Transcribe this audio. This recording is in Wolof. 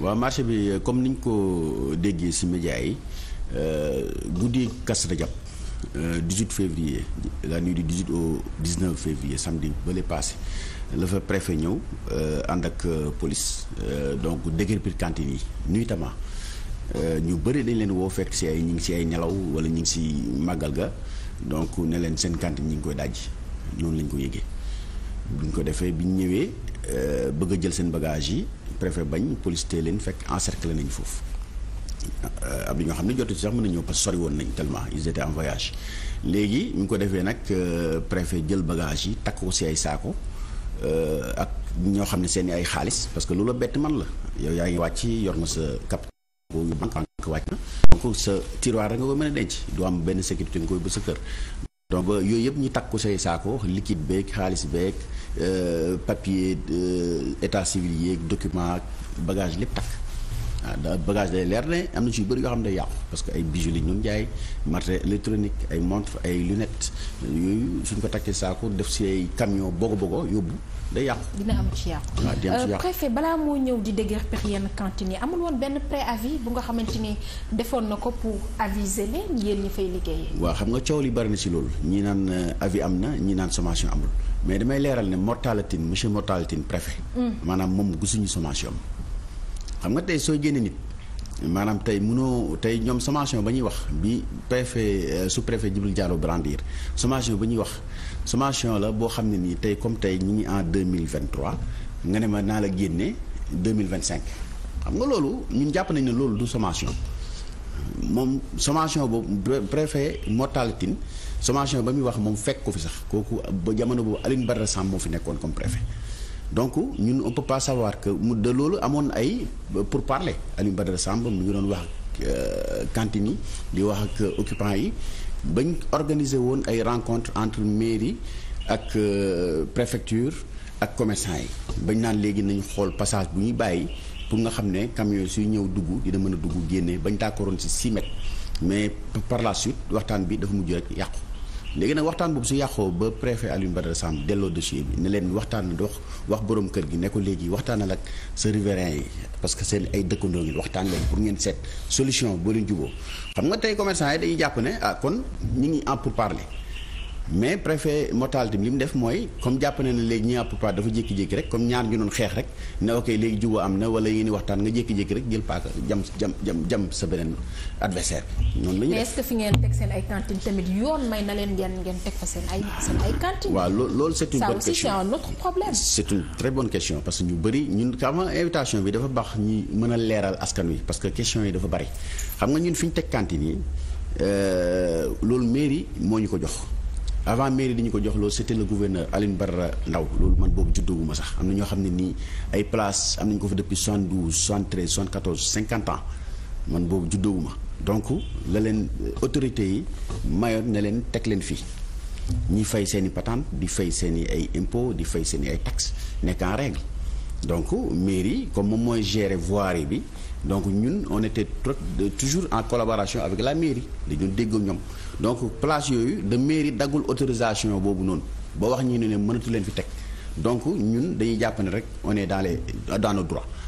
waa marché bi euh, comme niñ ko euh, déggee ci médias yi guddi euh, Kazu Rajab 18 février la nuit du 18 au 19 février samedi bële passé la fa préfet ñëw ànd ak police donc déguerpir cantine yi nuitamment ñu bëri dañ leen woo fekk ci ay ñu ngi si ay nelaw wala ñu ngi si màggal ga donc ne leen seen cantine ñu ngi koy dajji noonu lañ ko yëgee buñ ko defee biñ ñëwee bëgg a jël seen bagage yi préfet bañ police tee leen fekk encerclé nañ foofu am na ñoo xam ne jotu ci sax mën na ñëw sori woon nañ tellement ils étaient en léegi ñu ko defee nag euh, préfet jël bagage yi takk ko si ay saako euh, ak ñoo xam ne seen ay xaalis parce que loola bett man la yow yaa ngi wàcc yor nga sa cap yu banque wàcc na donc sa tiroir nga ko mën a denc du am benn sécurité nga koy ba sa kër donc euh, yooyu yëpp ñu takk ko say saako liquide beeg xaalis beeg Euh, papier euh, état civil yeeg document ak bagage lépp takk ah bagage day leer ne am na ci bëri yoo xam ne day yàqu parce que ay bijoux lañ doon jaay matériel électronique ay montre ay lunettes yooyu suñ ko takkee saako def si ay camion bogo bogo yóbbu day yàqu. dina am ci yàqu. waaw ah, dina am ci euh, yàqu balaa moo ñëw di déguerpir yenn cantine yi amul woon benn préavis bu nga xamante ni defoon na ko pour aviser leen yéen ñi fay liggéeyee. waaw xam nga coow li bari na si loolu ñi naan euh, avis am na ñi naan sommation amul mais damay leeral ne Mor Talla monsieur Mor Talla Tine mm. maanaam moom gisuñu sommation am. xam nga tey soo génnee nit maanaam tey munoo tey ñoom sommation ba ñuy wax bi préfet euh, sous préfet Djibril jaaro brandir sommation ba ñuy wax sommation la boo xam ne nii tey comme tey ñu ngi en 2023 nga ne ma naa la génnee génne cinq xam nga loolu ñun jàpp nañ ne loolu du sommation moom sommation boobu préfet Mortalla Tine sommation ba muy wax moom fekk ko fi sax kooku ba jamono boobu Aline Badara Samb moo fi nekkoon comme préfet donc ñun on peut que mu de loolu amoon ay pour parler Alioune Badara Samb mu ngi doon wax ak cantine euh, di wax ak occupants yi bañ organiser woon ay rencontre entre mairie ak euh, préfecture ak commercant yi bañ naan léegi nañu xool passage bu ñuy bàyyi pour nga xam ne camion suy ñëw dugg dina mën a dugg génne bañ tàkkooroon si 6 mais par la suite waxtaan bi dafa mujj rek yàqu léegi nag waxtaan boobu su yàqoo ba préfet Alioune Badara Samb delloo dossier bi ne leen waxtaan dox wax borom kër gi ne ko léegi waxtaanal ak sa riverain yi parce que seen ay dëkkandoo ngeen waxtaan leen pour ngeen seet solution boo leen juboo xam nga tey commerçant yi dañuy jàpp ne ah kon ñu ngi en pourparlers mais préfet Motal li mu def mooy comme jàpp ne ne léegi ñi àpppa dafa jékki-jékki rek comme ñaar ñu doon xeex rek ne ok léegi juboo am na wala yéen i waxtaan nga jékki-jékki rek jël paaka jam jam jam jam sa beneen adversaire noonu la ñuy def mais est ngeen teg seen ay yoon may na leen ngeen ngeen teg fa seen ay seen ay cantine waaw loolu loolu question parce que ñu bëri ñun avant invitation bi dafa baax ñi mën a askan wi parce que question yi dafa bëri xam nga ñun fi ñu teg cantine yi euh, loolu mairie moo ñu ko jox avant mairie di ñu ko jox loolu c'était le gouverneur Aline Barra Ndaw loolu man boobu judduwu ma sax am na ñoo xam ne nii ay place am nañu ko fa depuis 72 73 74 cinquante ans man boobu judduwu ma donc la leen euh, autorités yi mayoon na leen teg leen fii ñi fay seeni i di fay seen i ay impôts di fay seeni i ay taxes nekk en règle donc mairie comme moom mooy gérer voirie bi donc ñun on était trop toujours en collaboration avec la mairie dañu dégg ñoom donc place yooyu de mairie daggul autorisation boobu noonu ba wax ñu ne ne mënatu leen fi teg donc ñun dañuy jàpp ne rek on est dans les